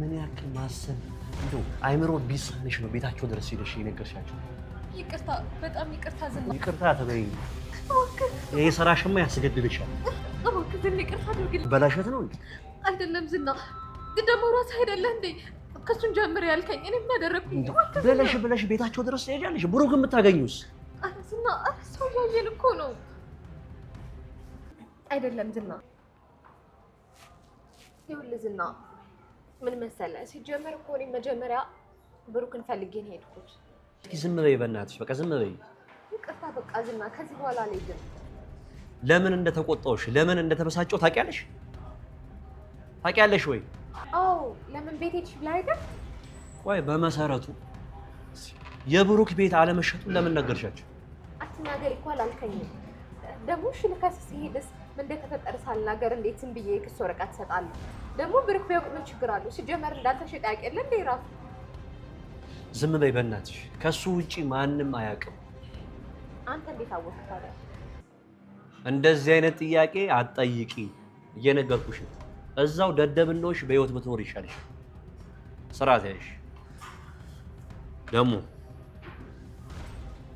ምን ያክል ማሰብ እንደው አይምሮ ቢሳንሽ ነው ቤታቸው ድረስ ሄደሽ የነገርሻቸው? ይቅርታ፣ በጣም ይቅርታ። ዝም ይቅርታ ተበይ። ይሄ ሰራሽማ ያስገድልሻል። ይቅርታ በላሸት ነው አይደለም። ዝና ግን ደግሞ እራስህ አይደለህ እንዴ ከሱን ጀምር ያልከኝ? እኔ ምን አደረግኩኝ ብለሽ ብለሽ ቤታቸው ድረስ ትሄጃለሽ? ብሩክን ብታገኙስ? ኧረ ዝና፣ ሰው እያየን እኮ ነው። አይደለም ዝና ይኸውልህ ዝና ምን መሰለህ፣ ሲጀመር እኮ እኔ መጀመሪያ ብሩክን ፈልጌን ሄድኩት። እስኪ ዝም በይ በእናትሽ፣ በቃ ዝም በይ። ይቅርታ በቃ ዝና፣ ከዚህ በኋላ አልሄድም። ለምን እንደተቆጣሁሽ ለምን እንደተበሳጨሁ ታውቂያለሽ? ታውቂያለሽ ወይ? አዎ። ለምን ቤት ሄድሽ ብለህ አይደል? ቆይ በመሰረቱ የብሩክ ቤት አለመሸጡን ለምን ነገርሻቸው? አትናገሪ እኮ አላልከኝም ደግሞ። እሺ ልከስ ሲሄድስ እንደተፈጠረ ሳልናገር እንዴት ዝም ብዬ ክስ ወረቀት እሰጣለሁ? ደግሞ ብሩክ ቢያውቅ ምን ችግር አለው? ሲጀመር እንዳልተሸጠ ያውቅ የለ እንዴ? ራሱ ዝም በይ በእናትሽ፣ ከሱ ውጪ ማንም አያውቅም። አንተ እንዴት አወቅህ ታዲያ? እንደዚህ አይነት ጥያቄ አትጠይቂ፣ እየነገርኩሽ እዛው ደደብ በህይወት ብትኖር ይሻልሻል። ስርዓት ያለሽ ደግሞ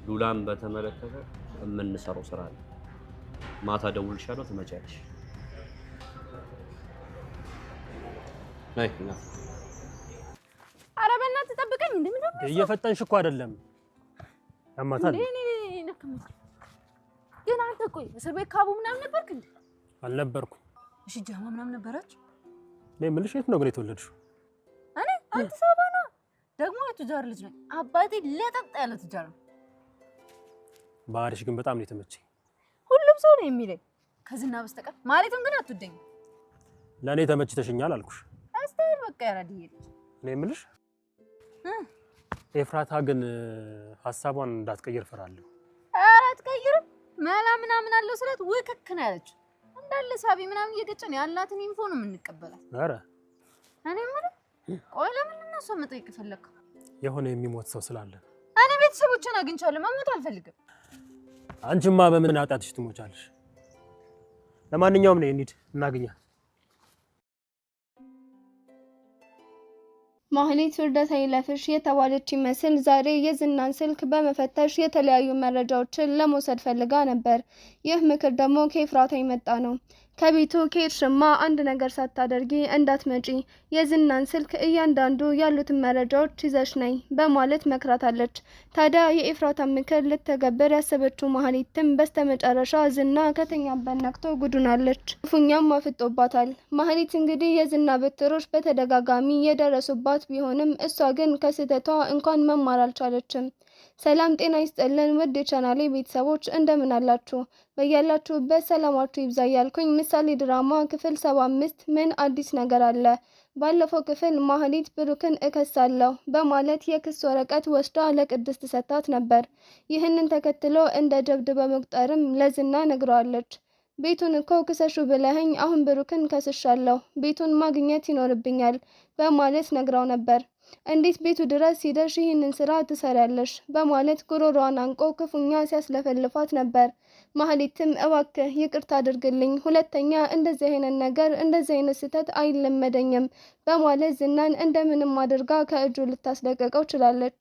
ሉላን በተመለከተ የምንሰራው ስራ ነው። ማታ ደውልሻለሁ፣ ትመጫለሽ። ኧረ በእናትህ ጠብቀኝ። እየፈጠንሽ እኮ አይደለም ግን አንተ ቆይ እስር ቤት ካቡ ምናምን ነበርክ እንዴ? አልነበርኩም። እሺ ጃማ ምናምን ነበራችሁ? እኔ የምልሽ የት ነው ግን የተወለድሽው? እኔ አዲስ አበባ ነው። ደግሞ የቱጃር ልጅ ነኝ። አባቴ ለጠጥ ያለ ቱጃር ነው። ባህሪሽ ግን በጣም ነው የተመቸኝ ሰው ነው የሚለኝ ከዝና በስተቀር ማለትም ግን አትወደኝ። ለእኔ ተመችተሽኛል አልኩሽ። አስተያየት በቃ ያራድ እኔ የምልሽ ኤፍራታ ግን ሀሳቧን እንዳትቀይር ፈራለሁ ኧረ አትቀይርም፣ መላ ምናምን አለው ስላት ውክክ ነው ያለችው። እንዳለ ሳቢ ምናምን እየገጨን ያላትን ኢንፎ ነው የምንቀበላት። ኧረ እኔ የምልህ ቆይ ለምን ነው እሷ መጠየቅ የፈለግከው? የሆነ የሚሞት ሰው ስላለን እኔ ቤተሰቦችን አግኝቻለሁ። መሞት አልፈልግም። አንቺማ በምን አውጣትሽ ትሞቻለሽ። ለማንኛውም ነው እንሂድ፣ እናገኛል። ማህሌት ውርደት አይለፍሽ የተባለች ይመስል ዛሬ የዝናን ስልክ በመፈተሽ የተለያዩ መረጃዎችን ለመውሰድ ፈልጋ ነበር። ይህ ምክር ደግሞ ከኤፍራታ የመጣ ነው። ከቤቱ ከሄድሽማ አንድ ነገር ሳታደርጊ እንዳትመጪ፣ የዝናን ስልክ እያንዳንዱ ያሉትን መረጃዎች ይዘሽ ነኝ በማለት መክራታለች። ታዲያ የኤፍራታን ምክር ልትተገብር ያሰበችው መሀሊትም በስተመጨረሻ ዝና ከተኛበት ነቅቶ ጉዱናለች። ክፉኛም አፍጦባታል። መሀሊት እንግዲህ የዝና በትሮች በተደጋጋሚ የደረሱባት ቢሆንም እሷ ግን ከስህተቷ እንኳን መማር አልቻለችም። ሰላም ጤና ይስጥልን ውድ የቻናሌ ቤተሰቦች እንደምን አላችሁ? በያላችሁበት ሰላማችሁ ይብዛ እያልኩኝ ምሳሌ ድራማ ክፍል ሰባ አምስት ምን አዲስ ነገር አለ? ባለፈው ክፍል ማህሌት ብሩክን እከሳለሁ በማለት የክስ ወረቀት ወስዳ ለቅድስት ሰታት ነበር። ይህንን ተከትሎ እንደ ጀብድ በመቁጠርም ለዝና ነግረዋለች። ቤቱን እኮ ክሰሹ ብለህኝ አሁን ብሩክን ከስሻለሁ፣ ቤቱን ማግኘት ይኖርብኛል በማለት ነግራው ነበር። እንዴት ቤቱ ድረስ ሲደርሽ ይህንን ስራ ትሰሪያለሽ? በማለት ጉሮሯን አንቆ ክፉኛ ሲያስለፈልፋት ነበር። ማህሌትም እባክህ ይቅርታ አድርግልኝ፣ ሁለተኛ እንደዚህ አይነት ነገር እንደዚህ አይነት ስህተት አይለመደኝም በማለት ዝናን እንደምንም አድርጋ ከእጁ ልታስለቀቀው ችላለች።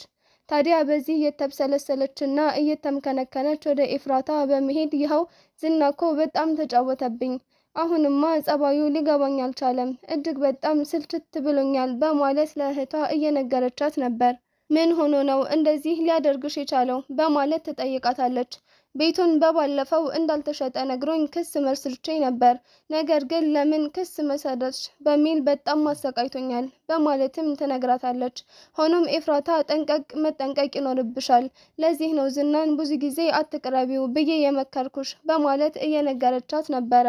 ታዲያ በዚህ እየተብሰለሰለችና እየተምከነከነች ወደ ኤፍራታ በመሄድ ይኸው ዝናኮ በጣም ተጫወተብኝ አሁንማ ጸባዩ ሊገባኝ አልቻለም፣ እጅግ በጣም ስልችት ብሎኛል በማለት ለእህቷ እየነገረቻት ነበር። ምን ሆኖ ነው እንደዚህ ሊያደርግሽ የቻለው በማለት ትጠይቃታለች። ቤቱን በባለፈው እንዳልተሸጠ ነግሮኝ ክስ መስርቼ ነበር፣ ነገር ግን ለምን ክስ መሰረትሽ በሚል በጣም አሰቃይቶኛል በማለትም ትነግራታለች። ሆኖም ኤፍራታ ጠንቀቅ መጠንቀቅ ይኖርብሻል፣ ለዚህ ነው ዝናን ብዙ ጊዜ አትቅረቢው ብዬ የመከርኩሽ በማለት እየነገረቻት ነበረ።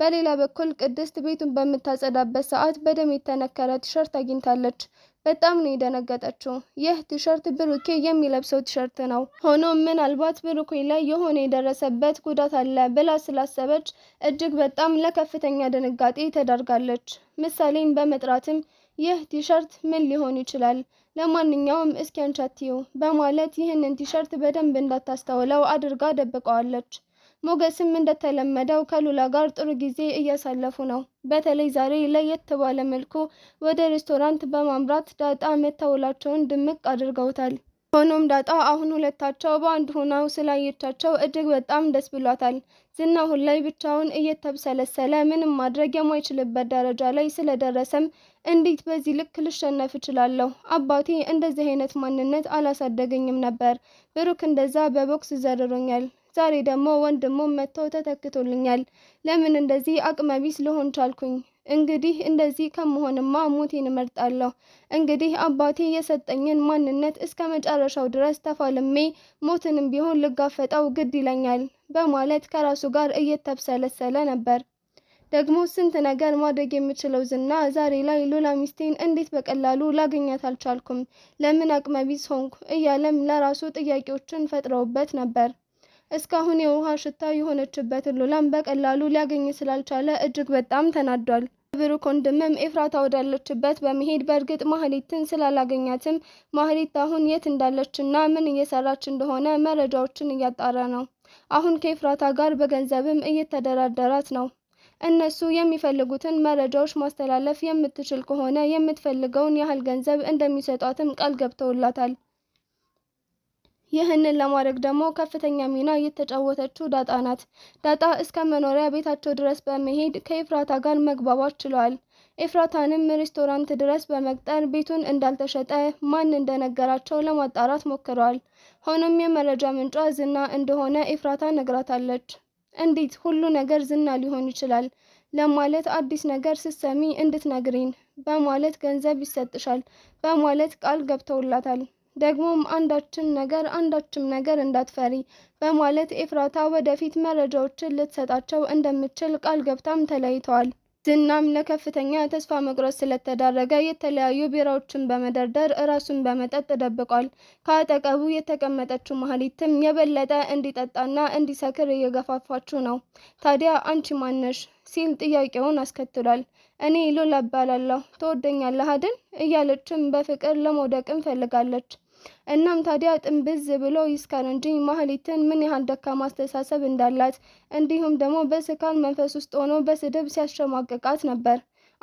በሌላ በኩል ቅድስት ቤቱን በምታጸዳበት ሰዓት በደም የተነከረ ቲሸርት አግኝታለች። በጣም ነው የደነገጠችው። ይህ ቲሸርት ብሩኬ የሚለብሰው ቲሸርት ነው። ሆኖም ምናልባት ብሩኬ ላይ የሆነ የደረሰበት ጉዳት አለ ብላ ስላሰበች እጅግ በጣም ለከፍተኛ ድንጋጤ ተዳርጋለች። ምሳሌን በመጥራትም ይህ ቲሸርት ምን ሊሆን ይችላል? ለማንኛውም እስኪ በማለት ይህንን ቲሸርት በደንብ እንዳታስተውለው አድርጋ ደብቀዋለች። ሞገስም እንደተለመደው ከሉላ ጋር ጥሩ ጊዜ እያሳለፉ ነው። በተለይ ዛሬ ለየት ባለ መልኩ ወደ ሬስቶራንት በማምራት ዳጣ መታወላቸውን ድምቅ አድርገውታል። ሆኖም ዳጣ አሁን ሁለታቸው በአንድ ሆነው ስላየቻቸው እጅግ በጣም ደስ ብሏታል። ዝና አሁን ላይ ብቻውን እየተብሰለሰለ ምንም ማድረግ የማይችልበት ደረጃ ላይ ስለደረሰም እንዴት በዚህ ልክ ልሸነፍ እችላለሁ? አባቴ እንደዚህ አይነት ማንነት አላሳደገኝም ነበር። ብሩክ እንደዛ በቦክስ ዘርሮኛል። ዛሬ ደግሞ ወንድሞ መጥቶ ተተክቶልኛል። ለምን እንደዚህ አቅመቢስ ልሆን ቻልኩኝ? እንግዲህ እንደዚህ ከመሆንማ ሞቴን እመርጣለሁ። እንግዲህ አባቴ የሰጠኝን ማንነት እስከ መጨረሻው ድረስ ተፋልሜ ሞትንም ቢሆን ልጋፈጠው ግድ ይለኛል በማለት ከራሱ ጋር እየተብሰለሰለ ነበር። ደግሞ ስንት ነገር ማድረግ የምችለው ዝና ዛሬ ላይ ሉላ ሚስቴን እንዴት በቀላሉ ላገኛት አልቻልኩም? ለምን አቅመቢስ ሆንኩ? እያለም ለራሱ ጥያቄዎችን ፈጥረውበት ነበር። እስካሁን የውሃ ሽታ የሆነችበትን ሉላን በቀላሉ ሊያገኝ ስላልቻለ እጅግ በጣም ተናዷል። ብሩክ ወንድምም ኤፍራታ ወዳለችበት በመሄድ በእርግጥ ማህሌትን ስላላገኛትም ማህሌት አሁን የት እንዳለችና ምን እየሰራች እንደሆነ መረጃዎችን እያጣራ ነው። አሁን ከኤፍራታ ጋር በገንዘብም እየተደራደራት ነው። እነሱ የሚፈልጉትን መረጃዎች ማስተላለፍ የምትችል ከሆነ የምትፈልገውን ያህል ገንዘብ እንደሚሰጧትም ቃል ገብተውላታል። ይህንን ለማድረግ ደግሞ ከፍተኛ ሚና የተጫወተችው ዳጣ ናት። ዳጣ እስከ መኖሪያ ቤታቸው ድረስ በመሄድ ከኤፍራታ ጋር መግባባት ችለዋል። ኤፍራታንም ሬስቶራንት ድረስ በመቅጠር ቤቱን እንዳልተሸጠ ማን እንደነገራቸው ለማጣራት ሞክረዋል። ሆኖም የመረጃ ምንጯ ዝና እንደሆነ ኤፍራታ ነግራታለች። እንዴት ሁሉ ነገር ዝና ሊሆን ይችላል ለማለት አዲስ ነገር ስትሰሚ እንድትነግሪን በማለት ገንዘብ ይሰጥሻል በማለት ቃል ገብተውላታል። ደግሞም አንዳችን ነገር አንዳችም ነገር እንዳትፈሪ በማለት ኤፍራታ ወደፊት መረጃዎችን ልትሰጣቸው እንደምችል ቃል ገብታም ተለይተዋል። ዝናም ለከፍተኛ ተስፋ መቁረጥ ስለተዳረገ የተለያዩ ቢራዎችን በመደርደር ራሱን በመጠጥ ደብቋል። ከአጠገቡ የተቀመጠችው መሀሊትም የበለጠ እንዲጠጣና እንዲሰክር እየገፋፋችው ነው። ታዲያ አንቺ ማነሽ? ሲል ጥያቄውን አስከትሏል። እኔ ሎላ እባላለሁ፣ ትወደኛለህ አይደል? እያለችም በፍቅር ለመውደቅ እንፈልጋለች። እናም ታዲያ ጥንብዝ ብሎ ይስካር እንጂ ማህሌትን ምን ያህል ደካማ አስተሳሰብ እንዳላት እንዲሁም ደግሞ በስካር መንፈስ ውስጥ ሆኖ በስድብ ሲያሸማቅቃት ነበር።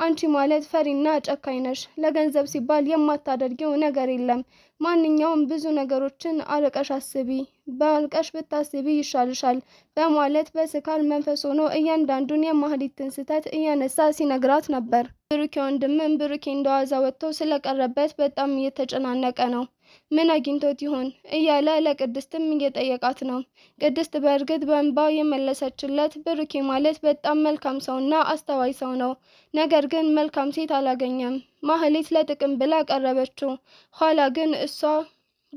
አንቺ ማለት ፈሪና ጨካኝ ነሽ። ለገንዘብ ሲባል የማታደርጊው ነገር የለም። ማንኛውም ብዙ ነገሮችን አርቀሽ አስቢ፣ በአልቀሽ ብታስቢ ይሻልሻል በማለት በስካር መንፈስ ሆኖ እያንዳንዱን የማህሌትን ስህተት እያነሳ ሲነግራት ነበር። ብሩኬ ወንድምም ብሩኬ እንደዋዛ ወጥቶ ስለቀረበት በጣም እየተጨናነቀ ነው። ምን አግኝቶት ይሆን እያለ ለቅድስትም እየጠየቃት ነው። ቅድስት በእርግጥ በእንባ የመለሰችለት ብሩኬ ማለት በጣም መልካም ሰውና አስተዋይ ሰው ነው፣ ነገር ግን መልካም ሴት አላገኘም። ማህሌት ለጥቅም ብላ ቀረበችው። ኋላ ግን እሷ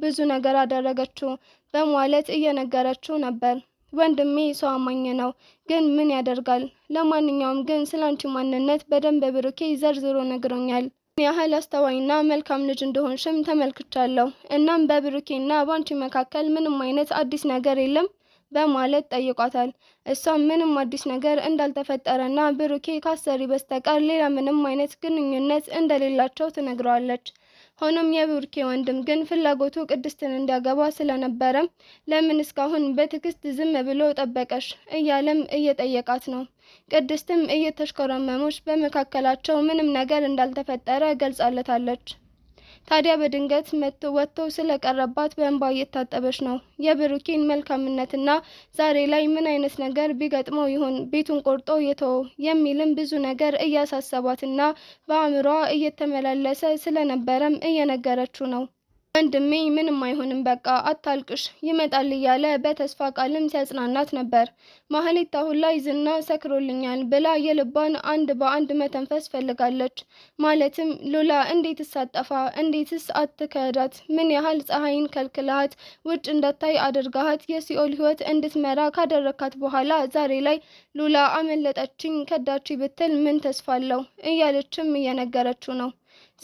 ብዙ ነገር አደረገችው በማለት እየነገረችው ነበር። ወንድሜ ሰው አማኝ ነው፣ ግን ምን ያደርጋል። ለማንኛውም ግን አንቺ ማንነት በደንብ ብሩኬ ዘርዝሮ ነግሮኛል። ያህል አስተዋይና መልካም ልጅ እንደሆንሽም ተመልክቻለሁ። እናም በብሩኬና ባንቺ መካከል ምንም አይነት አዲስ ነገር የለም በማለት ጠይቋታል። እሷም ምንም አዲስ ነገር እንዳልተፈጠረና ብሩኬ ካሰሪ በስተቀር ሌላ ምንም አይነት ግንኙነት እንደሌላቸው ትነግረዋለች። ሆኖም የብሩኬ ወንድም ግን ፍላጎቱ ቅድስትን እንዲያገባ ስለነበረ ለምን እስካሁን በትዕግስት ዝም ብሎ ጠበቀሽ እያለም እየጠየቃት ነው። ቅድስትም እየተሽኮረመሞች በመካከላቸው ምንም ነገር እንዳልተፈጠረ ገልጻለታለች። ታዲያ በድንገት ወጥቶ ስለቀረባት በእንባ እየታጠበች ነው። የብሩኬን መልካምነትና ዛሬ ላይ ምን አይነት ነገር ቢገጥመው ይሆን ቤቱን ቆርጦ የተወው የሚልም ብዙ ነገር እያሳሰባትና በአእምሯ እየተመላለሰ ስለነበረም እየነገረችው ነው። ወንድሜ ምንም አይሆንም በቃ አታልቅሽ ይመጣል እያለ በተስፋ ቃልም ሲያጽናናት ነበር። ማህሌት አሁን ላይ ዝና ሰክሮልኛል ብላ የልቧን አንድ በአንድ መተንፈስ ፈልጋለች። ማለትም ሉላ እንዴት አጠፋ፣ እንዴትስ አትከዳት? ምን ያህል ፀሐይን ከልክልሃት ውጭ እንዳታይ አድርጋሃት የሲኦል ህይወት እንድትመራ ካደረካት በኋላ ዛሬ ላይ ሉላ አመለጠችኝ ከዳች ብትል ምን ተስፋ አለው እያለችም እየነገረችው ነው።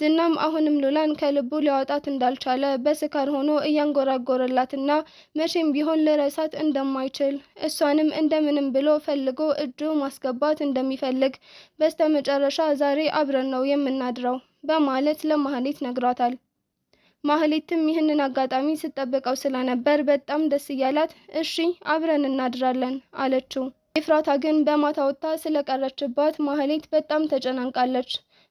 ዝናም አሁንም ሉላን ከልቡ ሊያወጣት እንዳልቻለ በስካር ሆኖ እያንጎራጎረላትና መቼም ቢሆን ልረሳት እንደማይችል እሷንም እንደምንም ብሎ ፈልጎ እጁ ማስገባት እንደሚፈልግ በስተመጨረሻ ዛሬ አብረን ነው የምናድረው በማለት ለማህሌት ነግሯታል። ማህሌትም ይህንን አጋጣሚ ስትጠብቀው ስለነበር በጣም ደስ እያላት እሺ አብረን እናድራለን አለችው። ኤፍራታ ግን በማታ ወጥታ ስለቀረችባት ማህሌት በጣም ተጨናንቃለች።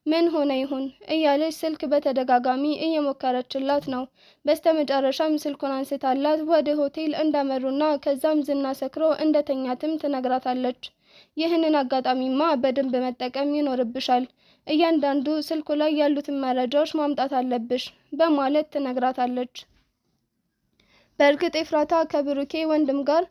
ምን ሆነ ይሁን እያለች ስልክ በተደጋጋሚ እየሞከረችላት ነው። በስተመጨረሻም ስልኩን አንስታላት ወደ ሆቴል እንዳመሩና ከዛም ዝና ሰክሮ እንደተኛትም ትነግራታለች። ይህንን አጋጣሚማ በደንብ መጠቀም ይኖርብሻል፣ እያንዳንዱ ስልኩ ላይ ያሉትን መረጃዎች ማምጣት አለብሽ በማለት ትነግራታለች። በእርግጥ ኤፍራታ ከብሩኬ ወንድም ጋር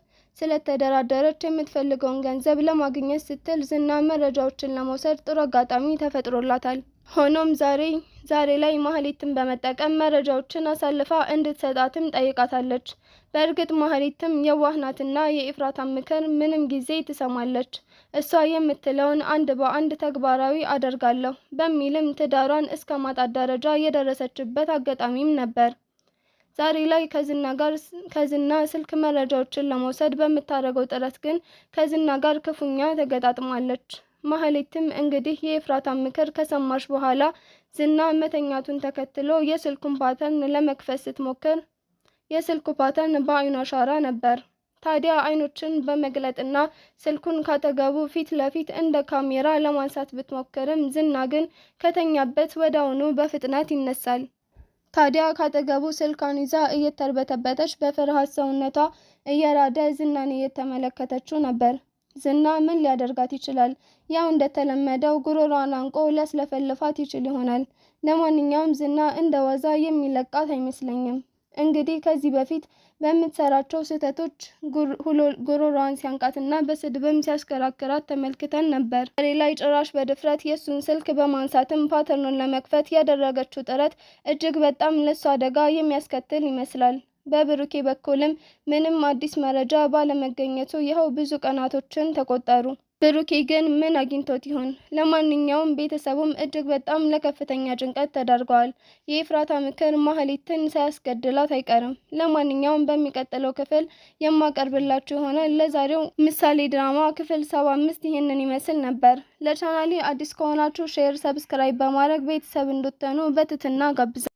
ስለተደራደረች የምትፈልገውን ገንዘብ ለማግኘት ስትል ዝና መረጃዎችን ለመውሰድ ጥሩ አጋጣሚ ተፈጥሮላታል። ሆኖም ዛሬ ዛሬ ላይ ማህሌትን በመጠቀም መረጃዎችን አሳልፋ እንድትሰጣትም ጠይቃታለች። በእርግጥ ማህሌትም የዋህናትና የኢፍራታ ምክር ምንም ጊዜ ትሰማለች። እሷ የምትለውን አንድ በአንድ ተግባራዊ አደርጋለሁ በሚልም ትዳሯን እስከ ማጣት ደረጃ የደረሰችበት አጋጣሚም ነበር። ዛሬ ላይ ከዝና ጋር ከዝና ስልክ መረጃዎችን ለመውሰድ በምታደርገው ጥረት ግን ከዝና ጋር ክፉኛ ተገጣጥማለች። ማህሌትም እንግዲህ የኤፍራታን ምክር ከሰማች በኋላ ዝና መተኛቱን ተከትሎ የስልኩን ፓተርን ለመክፈት ስትሞክር የስልኩ ፓተርን በአይኑ አሻራ ነበር። ታዲያ አይኖችን በመግለጥና ስልኩን ካጠገቡ ፊት ለፊት እንደ ካሜራ ለማንሳት ብትሞክርም ዝና ግን ከተኛበት ወዳውኑ በፍጥነት ይነሳል። ታዲያ ካጠገቡ ስልኳን ይዛ እየተርበተበተች በፍርሃት ሰውነቷ እየራደ ዝናን እየተመለከተችው ነበር። ዝና ምን ሊያደርጋት ይችላል? ያው እንደተለመደው ጉሮሯን አንቆ ሊያስለፈልፋት ይችል ይሆናል። ለማንኛውም ዝና እንደ ዋዛ የሚለቃት አይመስለኝም። እንግዲህ ከዚህ በፊት በምትሰራቸው ስህተቶች ጉሮሯን ሲያንቃትና በስድብም ሲያሽከራክራት ተመልክተን ነበር። ላይ ጭራሽ በድፍረት የእሱን ስልክ በማንሳትም ፓተርኑን ለመክፈት ያደረገችው ጥረት እጅግ በጣም ለሱ አደጋ የሚያስከትል ይመስላል። በብሩኬ በኩልም ምንም አዲስ መረጃ ባለመገኘቱ ይኸው ብዙ ቀናቶችን ተቆጠሩ። ብሩኬ ግን ምን አግኝቶት ይሆን? ለማንኛውም ቤተሰቡም እጅግ በጣም ለከፍተኛ ጭንቀት ተዳርገዋል። የኤፍራታ ምክር ማህሌትን ሳያስገድላት አይቀርም። ለማንኛውም በሚቀጥለው ክፍል የማቀርብላችሁ የሆነ ለዛሬው ምሳሌ ድራማ ክፍል ሰባ አምስት ይህንን ይመስል ነበር። ለቻናሌ አዲስ ከሆናችሁ ሼር፣ ሰብስክራይብ በማድረግ ቤተሰብ እንድትሆኑ በትህትና ጋብዛል።